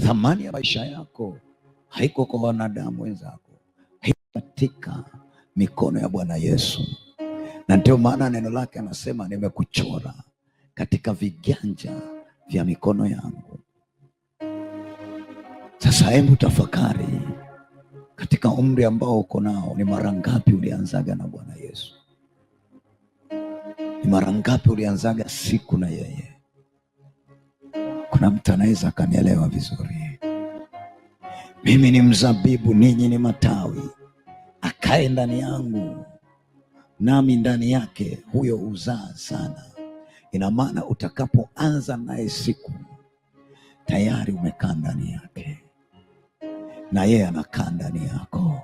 Thamani ya maisha yako haiko kwa wanadamu wenzako, haiko katika mikono ya Bwana Yesu. Na ndio maana neno lake anasema, nimekuchora katika viganja vya mikono yangu. Sasa hebu tafakari katika umri ambao uko nao, ni mara ngapi ulianzaga na Bwana Yesu? Ni mara ngapi ulianzaga siku na yeye? kuna mtu anaweza akanielewa vizuri. Mimi ni mzabibu, ninyi ni matawi, akae ndani yangu nami ndani yake, huyo huzaa sana. Ina maana utakapoanza naye siku tayari umekaa ndani yake na yeye anakaa ndani yako.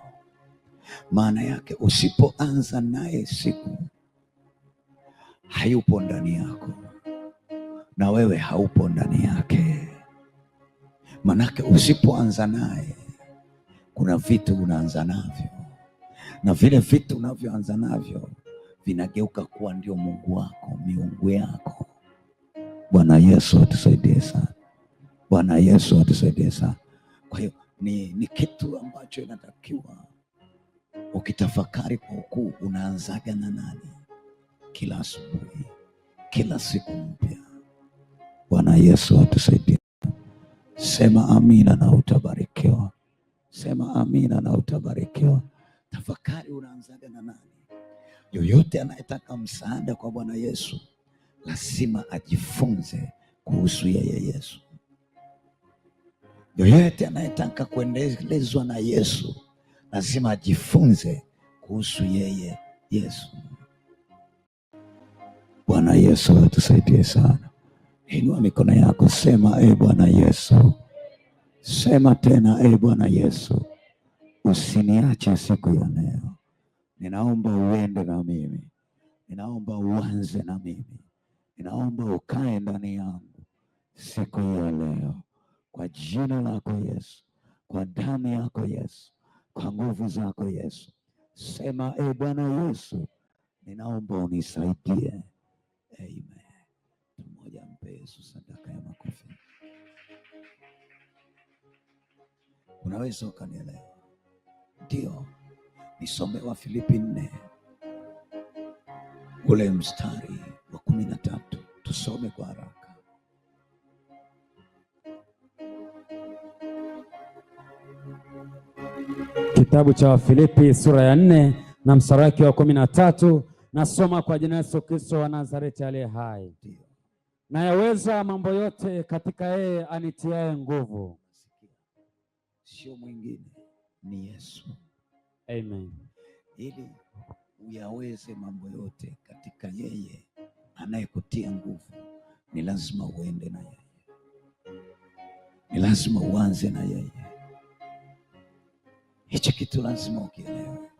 Maana yake usipoanza naye siku hayupo ndani yako na wewe haupo ndani yake. Manake usipoanza naye, kuna vitu unaanza navyo, na vile vitu unavyoanza navyo vinageuka kuwa ndio Mungu wako, miungu yako. Bwana Yesu atusaidie sana. Bwana Yesu atusaidie sana. Kwa hiyo ni, ni kitu ambacho inatakiwa ukitafakari kwa ukuu, unaanzaga na nani? Kila asubuhi, kila siku mpya Bwana Yesu atusaidie. Sema amina na utabarikiwa. Sema amina na utabarikiwa. Tafakari, unaanzaga na nani? Yoyote anayetaka msaada kwa Bwana Yesu lazima ajifunze kuhusu yeye Yesu. Yoyote anayetaka kuendelezwa na Yesu lazima ajifunze kuhusu yeye Yesu. Bwana Yesu atusaidie sana. Inua mikono yako, sema e Bwana Yesu, sema tena e Bwana Yesu, usiniache siku ya leo. Ninaomba uende na mimi, ninaomba uanze na mimi, ninaomba ukae ndani yangu siku ya leo, kwa jina lako Yesu, kwa damu yako Yesu, kwa nguvu zako Yesu. Sema e Bwana Yesu, ninaomba unisaidie. Amen. Yesu sadaka ya makofi. Unaweza ukanielewa? Ndio, nisome wa Filipi nne ule mstari wa kumi na tatu. Tusome kwa haraka. Kitabu cha Wafilipi sura ya nne na mstari wake wa kumi na tatu. Nasoma kwa jina Yesu Kristo wa Nazareti aliye hai. Ndio nayaweza mambo yote katika yeye anitiaye nguvu. Sio mwingine, ni Yesu. Amen. Ili uyaweze mambo yote katika yeye anayekutia nguvu, ni lazima uende na yeye, ni lazima uanze na yeye. Hichi kitu lazima ukielewe,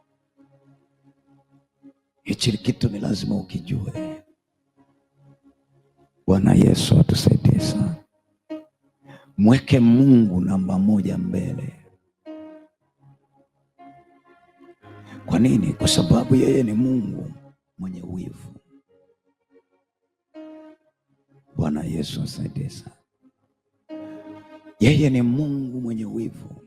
hichi kitu ni lazima ukijue. Bwana Yesu atusaidie sana. Mweke Mungu namba moja mbele. Kwa nini? Kwa sababu yeye ni Mungu mwenye wivu. Bwana Yesu asaidie sana. Yeye ni Mungu mwenye wivu,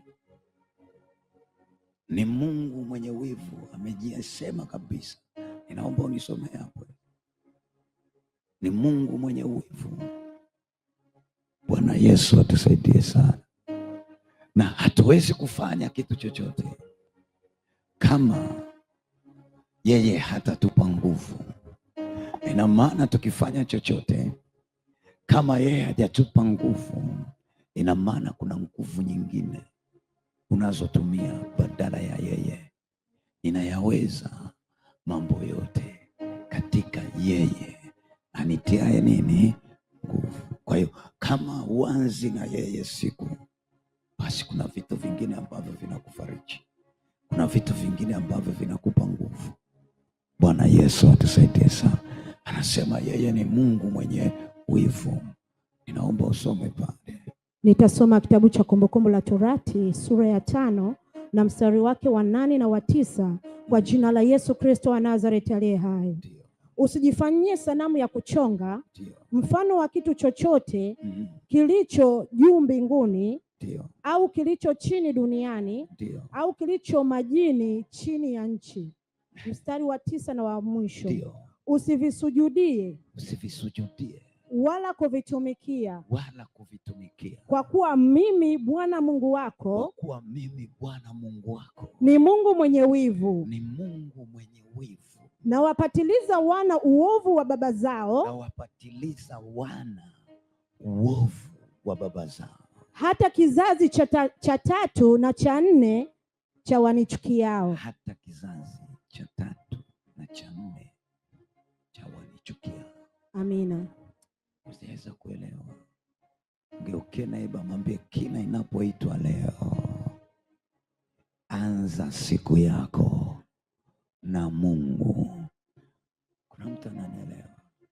ni Mungu mwenye wivu. Amejisema kabisa. Ninaomba unisomee hapo ni Mungu mwenye uwezo. Bwana Yesu atusaidie sana, na hatuwezi kufanya kitu chochote kama yeye hatatupa nguvu. Ina maana tukifanya chochote kama yeye hajatupa nguvu, ina maana kuna nguvu nyingine unazotumia badala ya yeye. Inayaweza mambo yote katika yeye anitiaye nini nguvu. Kwa hiyo kama uanzi na yeye siku, basi kuna vitu vingine ambavyo vinakufariji, kuna vitu vingine ambavyo vinakupa nguvu. Bwana Yesu atusaidie sana. Anasema yeye ni Mungu mwenye wivu. Ninaomba usome pale. Nitasoma kitabu cha Kumbukumbu la Torati sura ya tano na mstari wake wa nane na wa tisa. Kwa jina la Yesu Kristo wa Nazareti aliye hai Usijifanyie sanamu ya kuchonga Dio. mfano wa kitu chochote mm kilicho juu mbinguni Dio. au kilicho chini duniani Dio. au kilicho majini chini ya nchi. Mstari wa tisa na wa mwisho usivisujudie usivisujudie wala kuvitumikia wala kuvitumikia, kwa kuwa mimi Bwana Mungu wako, kwa kuwa mimi Bwana Mungu wako ni Mungu mwenye wivu, ni Mungu mwenye wivu na wapatiliza wana uovu wa baba zao, na wapatiliza wana uovu wa baba zao, hata kizazi cha cha tatu na cha nne cha wanichukiao, hata kizazi cha tatu na cha nne cha wanichukiao. Amina. Usiweza kuelewa, ngeuke naiba, mwambie kila inapoitwa leo, anza siku yako na Mungu. No te